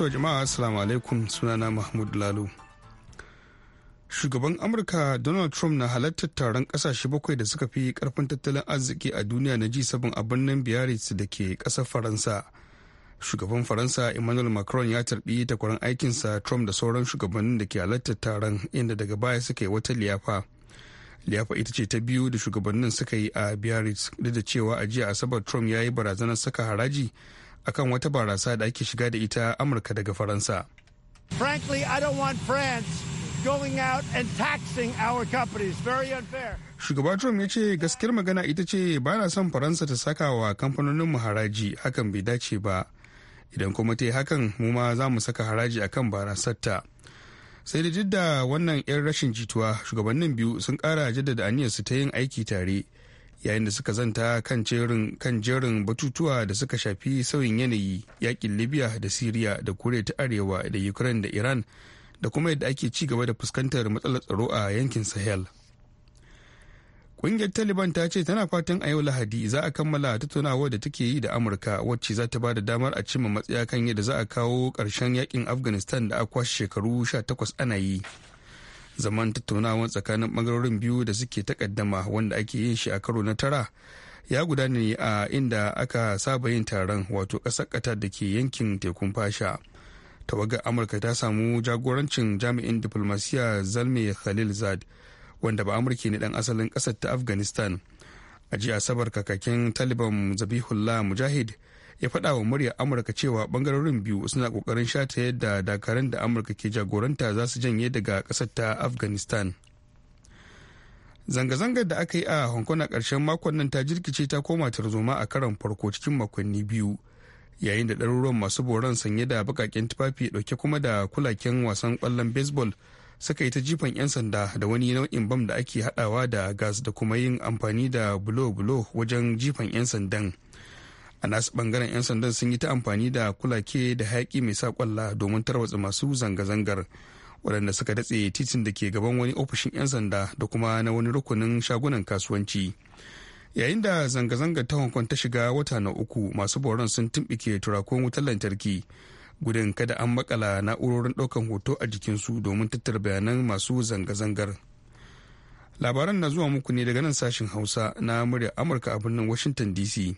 To jama'a assalamu alaikum sunana Mahmud Lalo. Shugaban Amurka Donald Trump na halartar taron kasashe bakwai da suka fi karfin tattalin arziki a duniya na ji sabon a birnin Biarritz da ke kasar Faransa. Shugaban Faransa Emmanuel Macron ya tarbi takwaran aikinsa Trump da sauran shugabannin da ke halartar taron inda daga baya suka yi wata liyafa. liyafa ita ce ta biyu da shugabannin suka yi a biarritz duk da cewa a jiya asabar trump ya yi barazanar saka haraji akan wata barasa da ake shiga da ita amurka daga faransa Shugaba Trump ya ce gaskiyar magana ita ce ba na son Faransa ta saka wa kamfanonin haraji hakan bai dace ba. Idan kuma ta yi hakan mu ma za mu saka haraji akan barasarta. Sai da duk da wannan 'yan rashin jituwa shugabannin biyu sun kara jaddada aniyarsu ta yin aiki tare yayin da suka zanta kan jerin kan jerin batutuwa da suka shafi sauyin yanayi yakin libya da syria da kure ta arewa da ukraine da iran da kuma yadda ake ci gaba da fuskantar matsalar tsaro a yankin sahel kungiyar taliban ta ce tana fatan a yau lahadi za a kammala tattaunawa da take yi da amurka wacce za ta ba da damar a cimma matsaya kan yadda za a kawo ƙarshen yakin afghanistan da a kwashe shekaru 18 ana yi zaman tattaunawa tsakanin bangarorin biyu da suke takaddama wanda ake yin shi a karo na tara ya gudana ne a inda aka saba yin taron wato ƙasar ƙatar da ke yankin tekun fasha tawagar amurka ta samu jagorancin jami'in diplomasiya zalme khalil zad wanda ba amurki ne dan asalin ƙasar ta afghanistan a asabar kakakin taliban zabihullah mujahid ya faɗa wa muryar amurka cewa bangarorin biyu suna kokarin shata yadda dakarun da amurka ke jagoranta za su janye daga ƙasar ta afghanistan zanga-zangar da aka yi a hong kong a ƙarshen makon nan ta jirkice ta koma tarzoma a karon farko cikin makonni biyu yayin da ɗaruruwan masu boran sanye da bakaken tufafi ɗauke kuma da kulaken wasan ƙwallon baseball suka yi ta jifan 'yan sanda da wani nau'in bam da ake haɗawa da gas da kuma yin amfani da bulo-bulo wajen jifan 'yan sandan. a nasu bangaren 'yan sandan sun yi ta amfani da kulake da hayaki mai sa kwalla domin tarwatsa masu zanga-zangar waɗanda suka datse titin da ke gaban wani ofishin 'yan sanda da kuma na wani rukunin shagunan kasuwanci yayin da zanga-zangar ta hong ta shiga wata na uku masu boron sun tumɓike turakon wutar lantarki gudun kada an makala na'urorin ɗaukan hoto a jikin su domin tattara bayanan masu zanga-zangar labaran na zuwa muku ne daga nan sashen hausa na murya amurka a birnin washington dc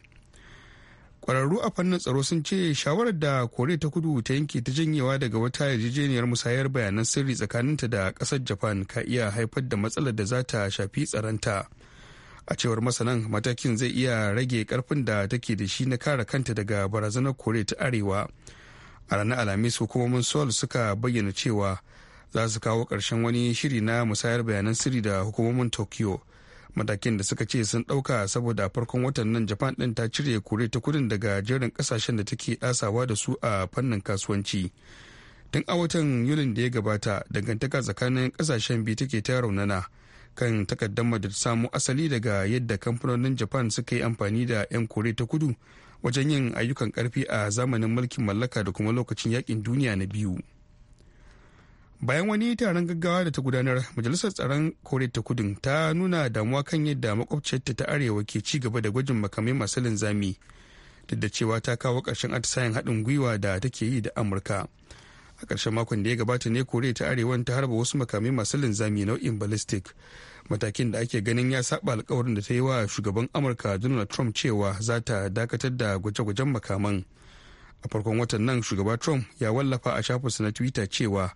kwararru a fannin tsaro sun ce shawarar da kore ta kudu ta yanke ta janyewa daga wata yarjejeniyar musayar bayanan sirri tsakaninta da kasar japan ka iya haifar da matsalar da za ta shafi tsaronta a cewar masanan matakin zai iya rage karfin da take da shi na kare kanta daga barazanar kore ta arewa a ranar alhamis hukumomin sol suka bayyana cewa za su kawo ƙarshen wani shiri na musayar bayanan sirri da hukumomin tokyo matakin da suka ce sun ɗauka saboda farkon watan nan japan ɗin ta cire kore ta kudin daga jerin kasashen da take ɗasawa da su a fannin kasuwanci tun a watan yulin da ya gabata dangantaka tsakanin ƙasashen biyu take ta raunana kan takaddamar da samu asali daga yadda kamfanonin japan suka yi amfani da 'yan kore ta kudu wajen yin ayyukan karfi a zamanin mulkin mallaka da kuma lokacin yakin duniya na biyu bayan wani taron gaggawa da ta gudanar majalisar tsaron koriya ta kudin ta nuna damuwa kan yadda makwabciyarta ta arewa ke ci gaba da gwajin makamai masu linzami duk da cewa ta kawo ƙarshen atisayen haɗin gwiwa da take yi da amurka a ƙarshen makon da ya gabata ne koriya ta arewa ta harba wasu makamai masu linzami nau'in ballistic matakin da ake ganin ya saba alkawarin da ta yi wa shugaban amurka donald trump cewa za ta dakatar da gwaje-gwajen makaman a farkon watan nan shugaba trump ya wallafa a shafinsa na twitter cewa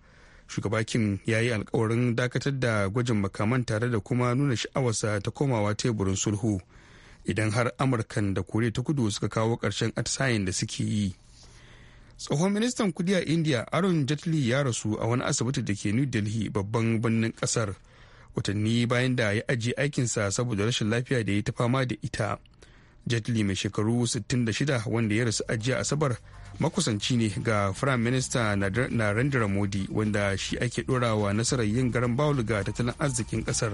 shugaba ya yi alkawarin dakatar da gwajin makaman tare da kuma nuna sha'awarsa ta komawa teburin sulhu idan har amurkan da kore ta kudu suka kawo ƙarshen atisayen da suke yi tsohon ministan kudi a india aron jetli ya rasu a wani asibiti da ke new delhi babban birnin kasar watanni bayan da ya ajiye aikinsa saboda rashin lafiya da ya ta fama da ita jetli mai shekaru 66 wanda ya rasu ajiya asabar makusanci ne ga firayim minista narendra modi wanda shi ake dorawa nasarar yin garan bawul ga tattalin arzikin kasar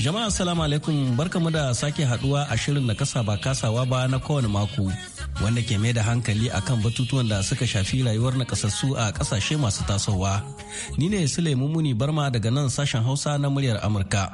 Jama'a assalamu alaikum barkamu da sake haduwa a shirin na kasa ba kasawa ba na kowane mako wanda ke mai da hankali akan batutuwan da suka shafi rayuwar na kasassu a kasashe masu tasowa. Ni ne Sule muni Barma daga nan sashen Hausa na muryar Amurka.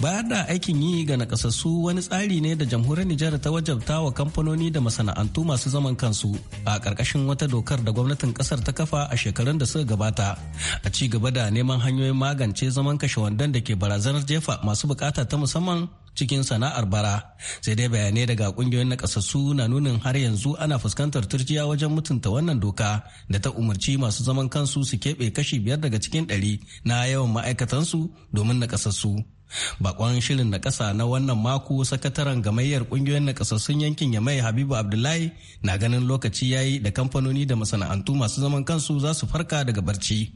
bayar da aikin yi ga nakasassu wani tsari ne da jamhuriyar Nijar ta wajabta wa kamfanoni da masana'antu masu zaman kansu a ƙarƙashin wata dokar da gwamnatin ƙasar ta kafa a shekarun da suka gabata a ci gaba da neman hanyoyin magance zaman kashe wandon da ke barazanar jefa masu bukata ta musamman cikin sana'ar bara sai dai bayanai daga kungiyoyin nakasassu na nunin har yanzu ana fuskantar turjiya wajen mutunta wannan doka da ta umarci masu zaman kansu su keɓe kashi biyar daga cikin ɗari na yawan ma'aikatansu domin nakasassu. Bakon shirin na ƙasa na wannan mako sakataren gamayyar ƙungiyoyin na sun yankin mai Habibu Abdullahi na ganin lokaci ya yi da kamfanoni da masana'antu masu zaman kansu za su farka daga barci.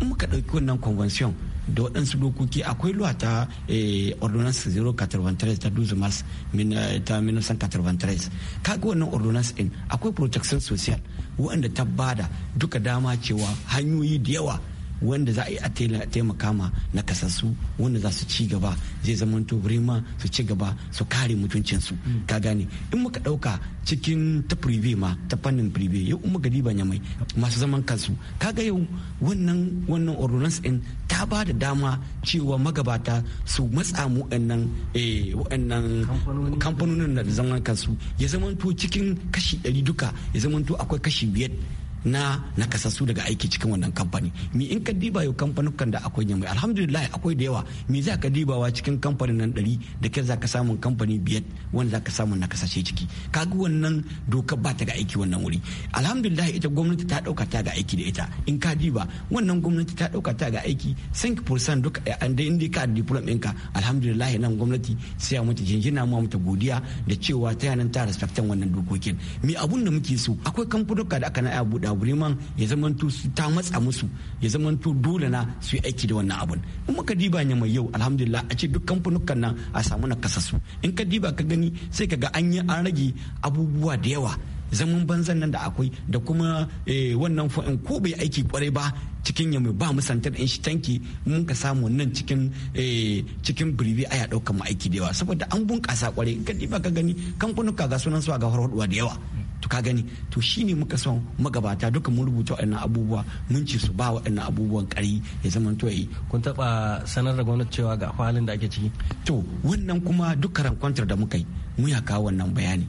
In muka ɗauki wannan convention da waɗansu dokoki akwai luwa ta eh, ordonance 093 ta 12 mars eh, ta 1993 kaga wannan ordinance din akwai protection social waɗanda ta bada duka dama cewa hanyoyi da yawa wanda za a yi a taimaka ma na kasassu wanda za su ci gaba zai zamanto ma su ci gaba su kare mutuncinsu ka gane in muka ɗauka cikin ta prive ma ta fannin prive yau in muka diba nyamai masu zaman kansu ka ga yau wannan wannan ordinance din ta ba da dama cewa magabata su matsa mu wa'annan eh, kamfanonin da zaman kansu ya to cikin kashi ɗari duka ya zamanto akwai kashi biyar na nakasassu daga aiki cikin wannan kamfani mi in ka diba yau kamfanukan da akwai yamai alhamdulillah akwai da yawa mi za ka dibawa cikin kamfanin nan ɗari da ke za ka samun kamfani biyar wanda za ka samun nakasashe ciki kaga wannan doka ba ta ga aiki wannan wuri alhamdulillah ita gwamnati ta ɗauka ta ga aiki da ita in ka diba wannan gwamnati ta ɗauka ta ga aiki 5% duka eh, an da indi ka diplom ɗinka alhamdulillah nan gwamnati sai a mutu jinjina mu mata godiya da cewa ta yanan ta respectan wannan dokokin mi abun da muke so akwai kamfanuka da aka na buɗa agreement ya zamanto ta matsa musu ya zamanto dole na su aiki da wannan abun in muka diba ne mai yau alhamdulillah a ce duk kamfanukan nan a samu na kasasu in ka diba ka gani sai ka ga an yi an rage abubuwa da yawa zaman banzan nan da akwai da kuma eh, wannan fa'in ko bai aiki kwarai ba cikin yamma ba mu in shi tanki mun ka samu nan cikin eh, cikin birbi aya ɗaukar mu aiki da yawa saboda an bunƙasa kwarai in ka diba ka gani kamfanuka ga sunan su ga horhoduwa da yawa to ka gani to shine muka son magabata duka mun rubuta wa'annan abubuwa mun ci su ba wa'annan abubuwan kari ya zama to yi kun taba sanar da gwamnati cewa ga halin da ake ciki to wannan kuma duka rankwantar da muka yi mun ya kawo wannan bayani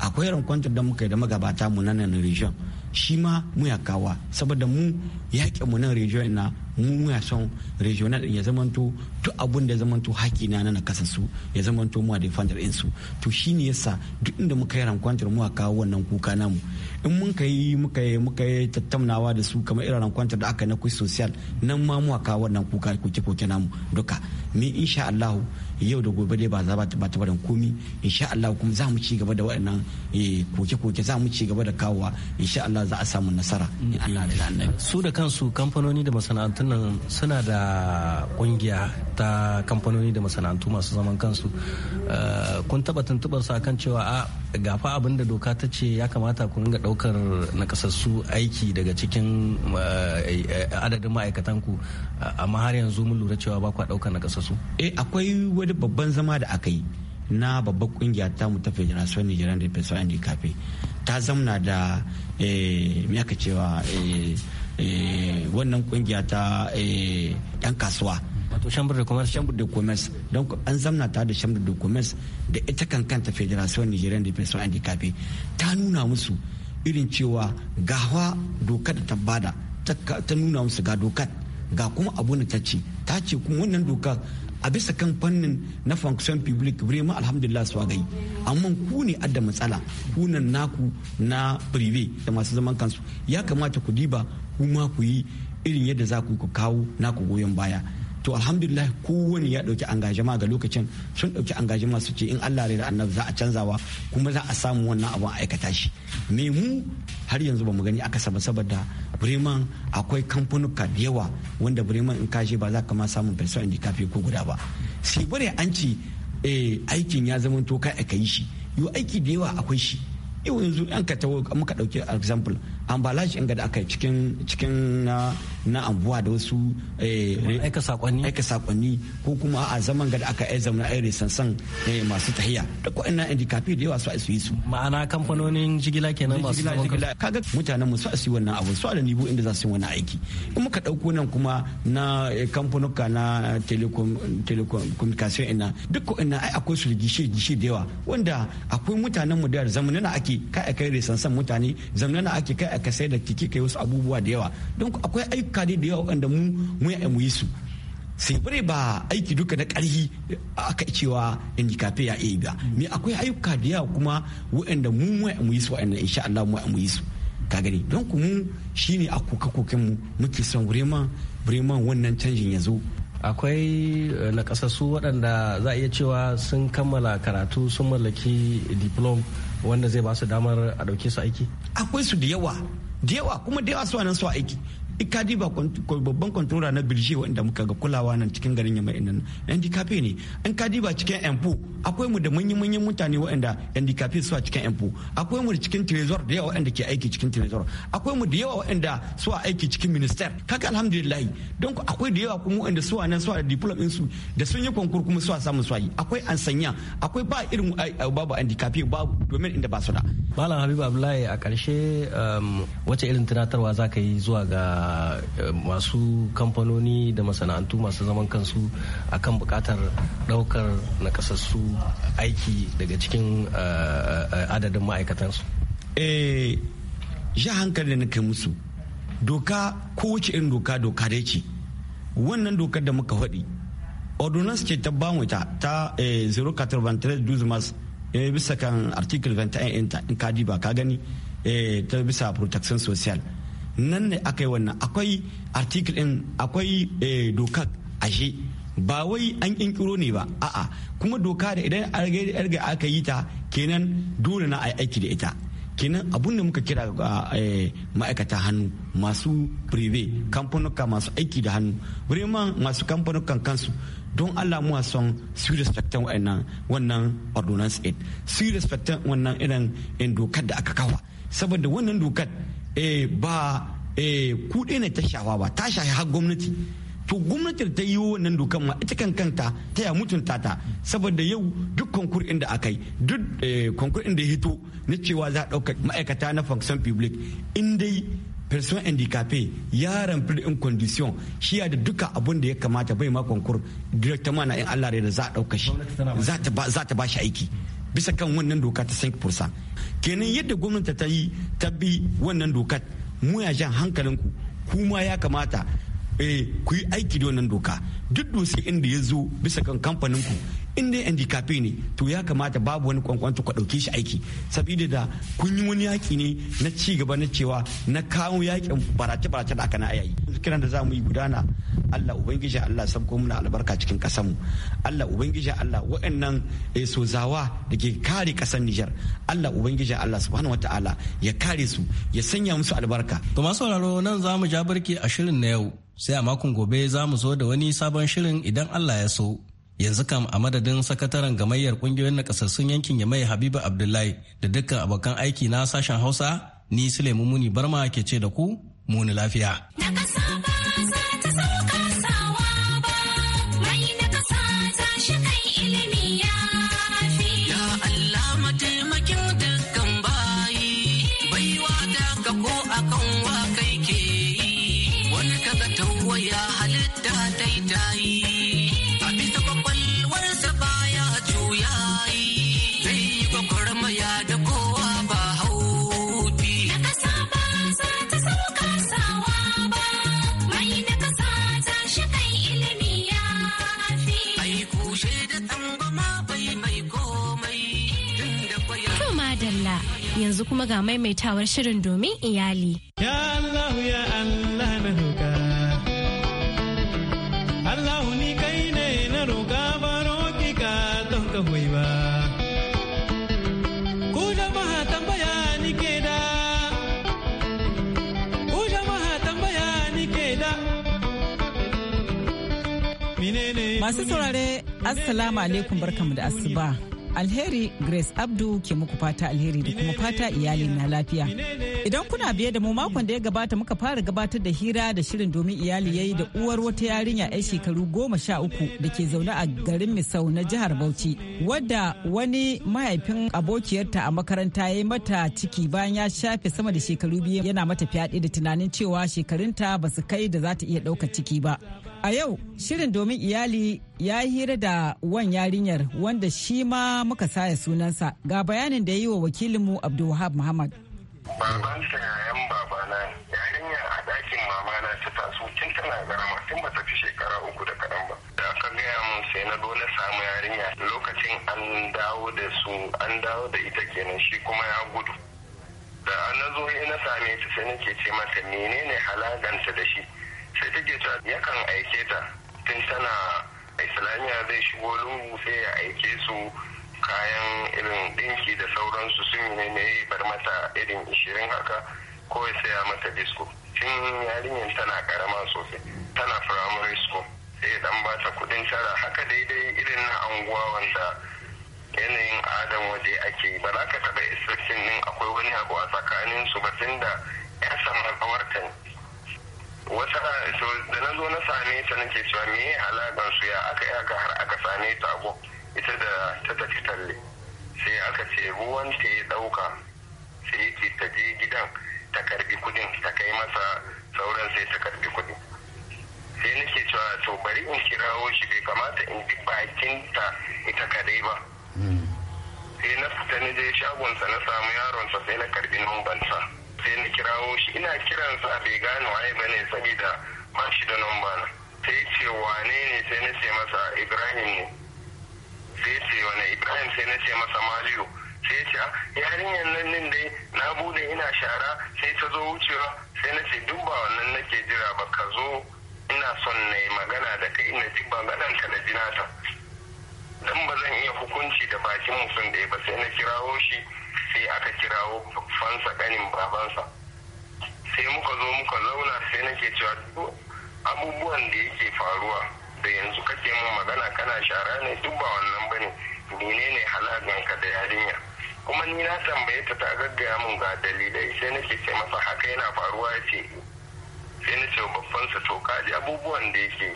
akwai rankwantar da muka yi da magabata mu nan region shi ma mu ya kawa saboda mu yaƙe mu nan regional na mu muna son regional ya zamanto duk abun da ya zamanto haƙi na nan kasa su ya zamanto mu a defender in su to shine yasa duk inda muka yi rankwantar mu a kawo wannan kuka namu in mun ka yi muka yi muka yi tattaunawa da su kamar irin rankwantar da aka na kuwa social nan ma mu a kawo wannan kuka koke koke namu duka me insha allahu. yau da gobe dai ba za ba ta barin komi insha Allah kuma za mu ci gaba da waɗannan eh, koke-koke za mu ci gaba da kawowa insha Allah za a samu nasara in Allah da annabi mm-hmm. su da kansu kamfanoni da masana'antun nan suna da kungiya ta kamfanoni da masana'antu masu zaman kansu eh, kun taba tuntubar su akan cewa a gafa abin da doka ta ce ya kamata ku ringa daukar nakasassu aiki daga cikin eh, adadin ma'aikatan ku amma har yanzu mun lura cewa ba ku daukar nakasassu eh akwai wani babban zama da aka yi na babban kungiya ta mu ta federation nigerian da fesa andi kafe ta zamna da eh, me aka cewa eh, eh, wannan kungiya ta yan kasuwa wato chamber de commerce chamber de commerce don an zamna ta da chamber de commerce da ita kan kanta federation nigerian da fesa and cafe ta nuna musu irin cewa gawa dokar da ta bada ta nuna musu ga dokar ga kuma abu da ta ce ta ce kuma wannan dokar a bisa kan fannin na function public brema alhamdulillah su gai amma ku ne adda matsala kunan naku na prive da masu zaman kansu ya kamata ku diba kuma ku yi irin yadda za ku kawo naku goyon baya to alhamdulillah kowane ya dauki angajama ga lokacin sun dauki angajama su ce in Allah rai da annabi za a canzawa kuma za a samu wannan abun a aikata shi me mu har yanzu ba mu gani aka saba saboda Bremen akwai kamfanuka da yawa wanda Bremen in kashe ba za ka ma samun person kafi ko guda ba sai bare an ci eh, aikin ya zama to kai aka yi shi yo aiki da yawa akwai shi yau yanzu an ka tawo muka dauki example ambalaji inga da aka yi cikin cikin na na ambuwa da wasu eh, aika sakonni aika sakonni ko kuma a zaman ga da aka yi zaman aire sansan eh, masu tahiya da ko ina indikafi da yawa su a su ma'ana kamfanonin jigila kenan masu jigila kaga mutanen mu su a su yi wannan abu su a da nibu inda za su yi wannan aiki in muka dauko nan kuma na eh, kamfanuka na telecom telecommunication ina duk ko ina ai akwai su gishe gishe da yawa wanda akwai mutanen mu da zamanin ake kai kai resansan mutane zamanin ake kai aka ka sai da kiki kai wasu abubuwa da yawa don akwai ayyuka ne da yawa waɗanda mu mu ya mu yi su sai bare ba aiki duka na ƙarhi aka cewa kafe ya iya ba me akwai ayyuka da yawa kuma waɗanda mu mu ya mu yi su waɗanda insha Allah mu ya mu yi su ka gani don ku mu shine a kuka kokin mu muke son vraiment vraiment wannan canjin ya zo akwai eh, nakasassu waɗanda za a iya cewa sun kammala karatu sun mallaki diploma wanda zai ba su damar a ɗauke su aiki akwai su da yawa da yawa kuma da yawa su nan su aiki ikadi eh, ba babban kwantora na birje wanda muka ga kulawa nan cikin garin yamma nan yan dikafe ne in kadi ba cikin empo akwai mu da manyan manyan mutane waɗanda yan dikafe su a cikin empo akwai mu da cikin trezor da yawa waɗanda ke aiki cikin trezor akwai mu da yawa waɗanda su a aiki cikin minister kaka alhamdulillah don akwai da yawa kuma waɗanda su a nan su a diploma din su da sun yi konkur kuma su a samu su yi akwai an sanya akwai ba irin eh, eh, babu yan dikafe babu domin inda ba su da malam habibu abdullahi a ƙarshe um, wace irin tunatarwa za ka yi zuwa ga Uh, masu kamfanoni da masana'antu masu zaman kansu akan bukatar daukar nakasassu aiki daga cikin uh, uh, adadin ma'aikatansu eh ja hankali na kai musu doka kowace irin doka doka da yake wannan dokar da muka faɗi ordonance ce ta bamu ta eh, ta 093 eh, bisa kan article 21 in ka diba ka gani eh, ta bisa protection social nan ne aka yi wannan akwai article in akwai eh, dokar ashe ba wai an kinkiro ne ba a'a kuma doka da idan arga aka yi ta kenan dole na aiki da ita kenan abun da muka kira ga eh, ma'aikata hannu masu prive kamfanuka masu aiki da hannu vraiment masu kamfanukan kansu don allah mu son su respectan wannan wannan ordinance aid su respectan wannan irin dokar da aka kawa saboda wannan dokar eh ba eh kuɗi ne ta shawa ba ta shahi har gwamnati to gwamnatin ta yi wannan dokan ma ita kan kanta ta ya mutunta ta saboda yau duk konkur da aka yi duk konkur eh, inda ya hito na cewa za a ɗauka ma'aikata na function public in dai person handicapé ya rempli in condition shi ya da duka abun da ya kamata bai ma konkur directement na in Allah da za a ɗauka shi za ta ba shi aiki bisa kan wannan doka ta 5% kenan yadda gwamnati ta yi ta bi wannan dokar mu ya jan ku kuma ya kamata eh, ku yi aiki da wannan doka duk dosi inda ya zo bisa kan kamfanin ku. in dai handicapé ne to ya kamata babu wani kwankwanto ka dauke shi aiki sabida da kun yi wani yaƙi ne na ci gaba na cewa na kawo yakin barace barace da aka na ayayi kiran da za yi gudana Allah ubangiji Allah sabko muna albarka cikin kasanmu Allah ubangiji Allah waɗannan eh, sozawa da ke kare kasar Nijar Allah ubangiji Allah subhanahu wataala ya kare su ya sanya musu albarka to masu sauraro nan zamu mu ja barki a shirin na yau sai a makon gobe zamu mu zo da wani sabon shirin idan Allah ya so yanzu kam a madadin sakataren gamayyar kungiyoyin nakasassun yankin ya mai habiba abdullahi da dukkan abokan aiki na sashen hausa ni sulaimu muni barma ke ce da ku muni lafiya yanzu kuma ga maimaitawar shirin domin iyali. Ya Allah ya Allah na roƙa. Allah Masu saurare, Assalamu alaikum barkamu da asuba. Alheri Grace Abdu ke muku fata alheri da kuma fata iyali na lafiya. Idan kuna biye da mu makon da ya gabata muka fara gabatar da hira da shirin domin iyali yayi da uwar wata yarinya 'yan shekaru goma sha uku da ke zaune a garin Misau na jihar Bauchi. Wadda wani mahaifin abokiyarta a makaranta ya yi mata ciki bayan ya shafe sama da shekaru biyu yana mata fyaɗe da tunanin cewa shekarunta ba su kai da za ta iya ɗaukar ciki ba. A yau shirin domin iyali ya hira da wan yarinyar wanda shi ma muka saya sunansa ga bayanin da ya yi wa wakilinmu Abdulwahab Muhammad. Babansa yayan babana yarinya a ɗakin mamana ta taso tun tana garama tun ba ta fi shekara uku da kaɗan ba. Da aka gaya mun sai na dole samu yarinya lokacin an dawo da su an dawo da ita kenan shi kuma ya gudu. Da an na zo na same ta sai nake ce mata menene halaganta da shi. sai take ta yakan aike ta tun tana islamiyya zai shigo lungu sai ya aike su kayan irin dinki da sauransu sun yi ne bar mata irin ishirin haka ko ya saya mata disko tun yarinyar tana karama sosai tana firamare school sai ya dan bata kudin tara haka daidai irin na anguwa wanda yanayin adam waje ake ba za ka taɓa isassin akwai wani abu a tsakanin su ba tun da ya samar kawarta ne wata so da na zo na same ta nake cewa me ya alaƙar su ya aka yi haka har aka same ta abu ita da ta tafi talle sai aka ce ruwan ta ya ɗauka sai yake ta je gidan ta karbi kudin ta kai masa sauran sai ta karbi kudin sai nake cewa to bari in kirawo shi bai kamata in bi bakinta ita kadai ba hmm. sai na fita na je shagonsa na samu yaronsa sai na karbi numbansa. sai na kirawo shi ina kiran kiransa bai gane waye bane saboda ba shi da nan bana sai ce wane ne sai na ce masa ibrahim ne sai ce wane ibrahim sai na ce masa maliyo sai ce ah, yarinyar nan nin dai na bude ina shara sai ta zo wucewa sai na ce duk ba wannan nake jira ba ka zo ina son na yi magana da kai ina ji ba ka da jinata dan ba zan iya hukunci da bakin mutum ɗaya ba sai na kirawo shi sai aka kirawo fansa ganin babansa sai muka zo muka zauna sai nake cewa duk abubuwan da yake faruwa da yanzu kake mun magana kana shara ne duk ba wannan bane menene ka da yarinya kuma ni na tambaye ta ta gaggaya mun ga dalilai sai nake ce masa haka yana faruwa ya ce sai na ce babban sa to kaji abubuwan da yake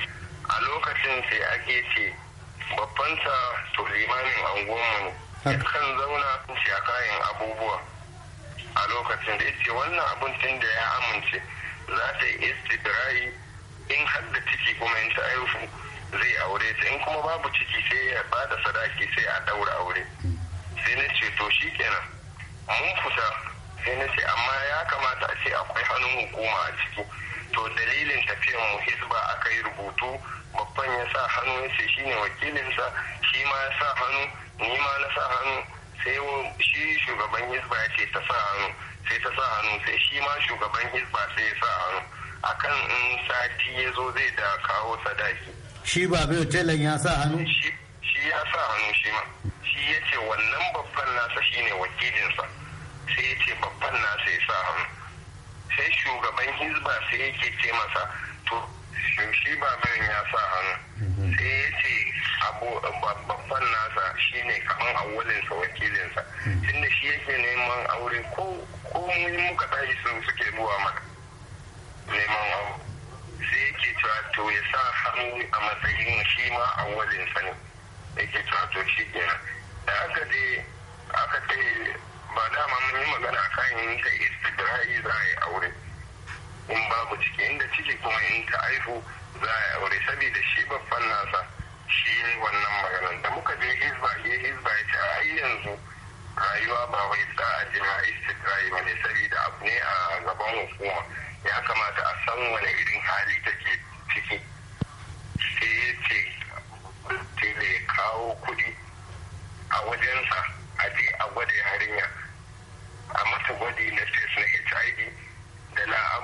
a lokacin sai ake ce babban sa to limamin anguwanmu ne kan zauna shi a kayan abubuwa a lokacin da yace wannan abun tun da ya amince za ta yi istibirai in har ciki kuma in ta aihu zai aure ta in kuma babu ciki sai ya bada sadaki sai a daura aure sai na ce to shi kenan mun fusa sai na ce amma ya kamata a ce akwai hannun hukuma a ciki to dalilin tafiyan mu hisba akayi rubutu babban ya sa hannu ya ce shine wakilinsa shi ma ya sa hannu ni ma na sa hannu sai shi shugaban hisba ya ce ta sa hannu sai ta sa hannu sai shi ma shugaban hisba sai ya sa hannu akan in sati ya zo zai da kawo sadaki shi ba bai telan ya sa hannu shi ya sa hannu shi ma shi ya ce wannan babban nasa shine wakilinsa sai ya ce babban nasa ya sa hannu sai shugaban hizba sai yake ce masa to cikin shi mai ya sa hannu mhm. sai ya ce babban nasa shine kaman awalinsa wakilinsa mhm. tunda shi yake neman aure ko ko mun muka tashi sun suke zuwa maka neman abu sai ya cewa to ya sa hannu a matsayin shi ma awalinsa ne yake cewa to shi kenan da aka je aka ce ba dama mun yi magana kan yin ta istidrai za a yi aure in babu ciki inda ciki kuma in ta aihu za a aure saboda shi babban nasa shi ne wannan maganar da muka je hizba ya hizba ya ce a yanzu rayuwa ba wai sa a jira istitrayi ba ne saboda abu ne a gaban hukuma ya kamata a san wani irin hali take ciki sai ya ce ya kawo kudi a wajensa a je a gwada yarinya a mata gwadi na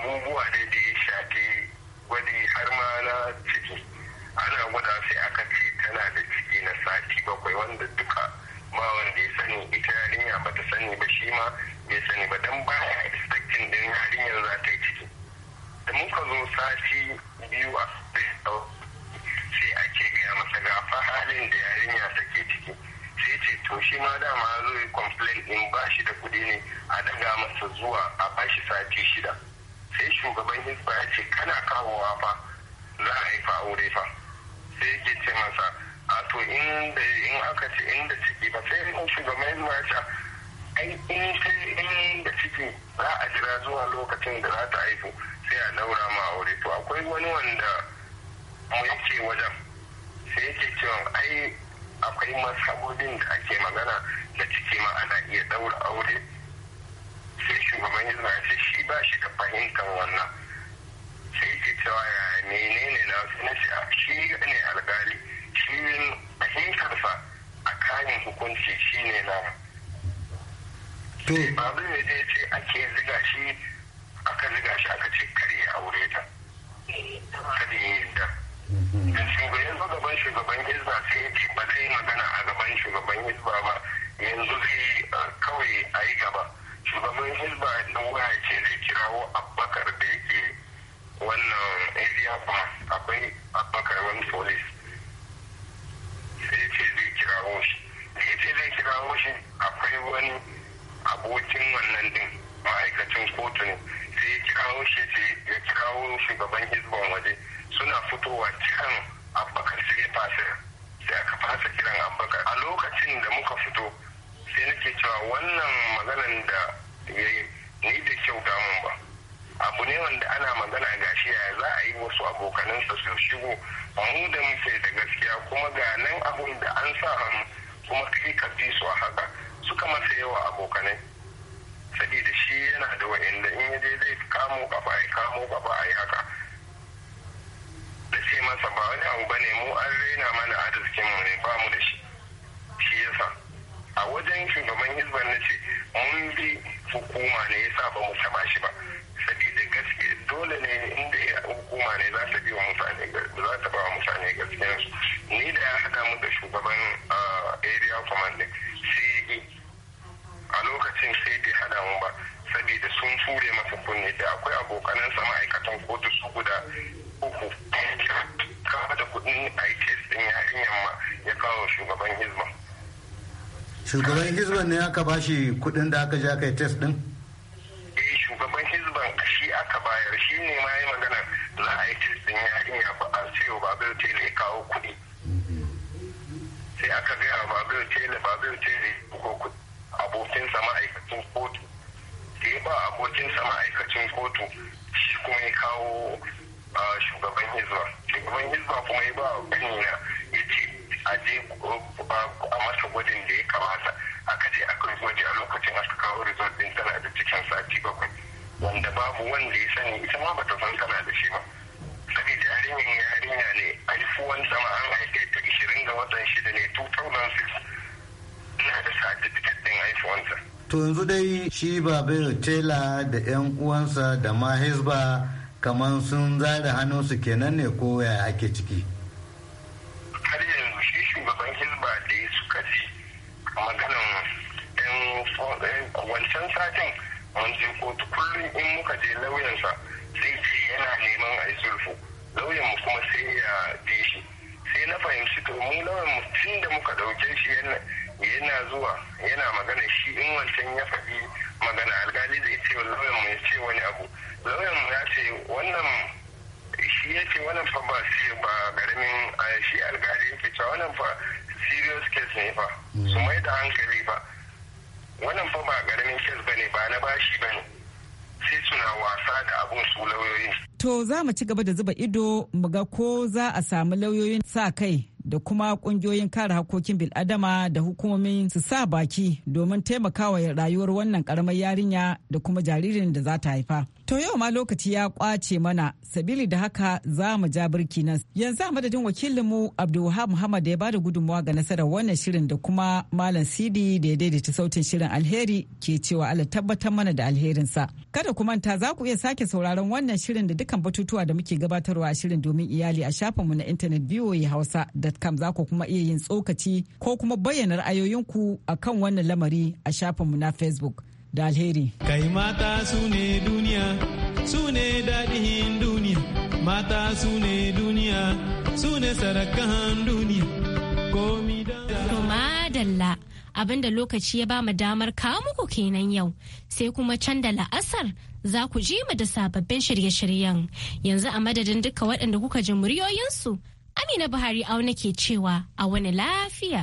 abubuwa ne da ya shafi gwani har ma na ciki ana gwada sai aka ce tana da ciki na sati bakwai wanda duka ma wanda ya sani ita yarinya bata sani ba shi ma bai sani ba don baya ya expecting din yarinyar za ta yi aka ce in da ciki ba sai in shugaban hizba ai in sai in da ciki za a jira zuwa lokacin da za ta haihu sai a daura ma aure to akwai wani wanda mu yake wajen sai yake cewa ai akwai masabobin da ake magana da ciki ma ana iya daura aure sai shugaban hizba shi ba shi da fahimtar wannan sai yake cewa ya ne hukunci ne na to babu ne zai ce ake ziga shi aka ziga shi aka ce kare aure ta kare ya yi mhm. da shugaban gaban shugaban hizba sai ya ce ba zai yi magana a gaban shugaban hizba ba yanzu zai kawai a yi gaba shugaban hizba na waya ce zai kirawo abbakar da yake wannan area ba akwai abbakar wani police sai ce zai kirawo shi kira shi akwai wani abokin wannan din ma'aikacin kotu ne sai ya kirawo shi ya kirawo shugaban waje suna fitowa kiran abbakar sai ya fasa sai aka fasa kiran abbakar a lokacin da muka fito sai nake cewa wannan maganan da ya yi ni da kyau damun ba abu ne wanda ana magana shi yaya za a yi wasu abokanansa su shigo mu da muke da gaskiya kuma ga nan abun da an sa hannu kuma kai ka bi su a haka suka masa yawa abokanai saboda shi yana da wa'inda in ya je zai kamo kafa ai kamo kafa a haka da ce masa ba wani abu bane mu an raina mana arzikin mu ne ba mu da shi shi yasa a wajen shugaban hizban na ce mun bi hukuma ne yasa ba mu taba shi ba saboda gaske dole ne inda hukuma ne za ta bi wa mutane za ta ba wa mutane ni da ya haɗa mu da shugaban area commanding sai yi e. a lokacin sai bai hada mu ba saboda sun ture masa kunne da akwai abokanansa ma'aikatan kotu su guda uku kawo da kudin aites din yarinyar yamma ya kawo shugaban hizba shugaban hizba ne aka ba shi kudin da aka je aka test din? eh shugaban hizban shi aka bayar shi ne ma yi magana za a yi test din yarinya ba a sayo babel ne kawo kudi sai aka gaya ba zai ce ne ba zai ce ne ko sa ma'aikacin kotu sai ba sa ma'aikacin kotu shi kuma ya kawo shugaban hizba shugaban hizba kuma ya ba kanina ya ce a je a masa gwajin da ya kamata aka je aka yi gwaji a lokacin aka kawo result din tana da cikin sati bakwai wanda babu wanda ya sani ita ma bata san tana da shi ba sabida yarinyar yarinya ne alfuwan sama an aiki watan shida ne 2006 ina da certificate din haifuwansa to yanzu dai shi babir tela da yan uwansa da ma kaman kamar sun zare hannunsu kenan ne ko ya ake ciki har yanzu shi shugaban hisba da suka ji maganan yan wancan satin mun je kotu kullum in muka je lauyansa sai ce yana neman a yi sulfu lauyan mu kuma sai ya bi shi sai eh, na fahimci to mu lawan mutum da muka ɗauke shi yana zuwa yana magana shi in wancan ya faɗi magana alkali zai ce lauyan mu ya ce wani abu lauyan mu ya ce wannan shi ya ce wannan fa ba ba garamin shi alkali ya cewa wannan fa serious case ne fa hmm. su mai da hankali fa wannan fa ba garamin case bane ba na bashi ba ne sai suna wasa da abun su lauyoyin To za mu ci gaba da zuba ido mu ga ko za a samu lauyoyin sa kai da kuma kungiyoyin kare hakokin bil'adama da hukumomin su sa baki domin taimakawa rayuwar wannan karamar yarinya da kuma jaririn da za ta haifa. To yau ma lokaci ya kwace mana sabili da haka za mu ja birki nan. Yanzu a madadin wakilinmu Abdulwahab Muhammad da ya bada gudunmawa ga nasarar wannan shirin da kuma Malam Sidi da ya daidaita sautin shirin alheri ke cewa Allah tabbatar mana da alherinsa. Kada ku manta za ku iya sake sauraron wannan shirin da dukkan batutuwa da muke gabatarwa a shirin domin iyali a shafin mu na intanet voahausa.com za ku kuma iya yin tsokaci ko kuma bayyana ra'ayoyinku akan wannan lamari a shafin mu na Facebook. da alheri. Kai mata su ne duniya, su ne daɗin duniya, mata su ne duniya, su ne sarakan duniya, komi da madalla abinda lokaci ya ba mu damar kawo muku kenan yau sai kuma can da la'asar za ku ji mu da sababbin shirye-shiryen yanzu a madadin duka waɗanda kuka ji muryoyinsu amina buhari auna ke cewa a wani lafiya.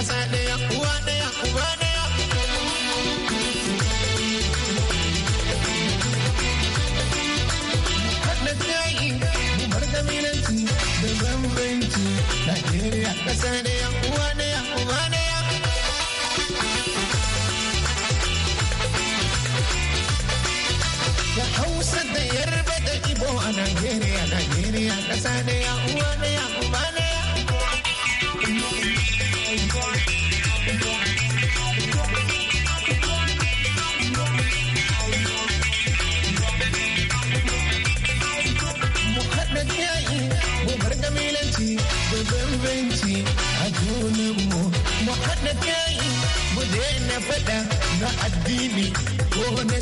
kasa ɗaya uwa ɗaya uba ɗaya haɗa kai mu bar da bambanci Najeriya ƙasa ɗaya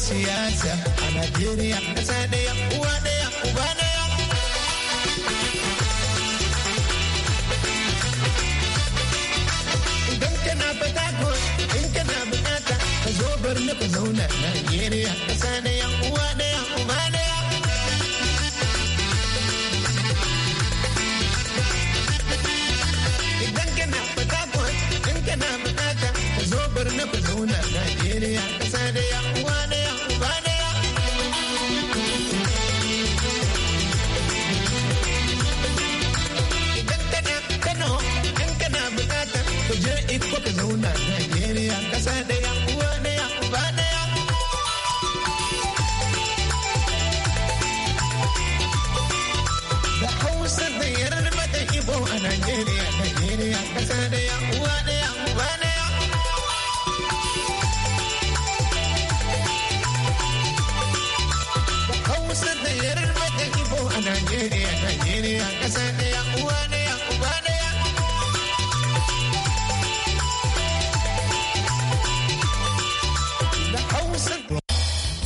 siyasa a Najeriya ƙasa ɗaya uwa ɗaya uba daya Idan kana fata ko in kana bukata ka zo bar na ka zauna nan.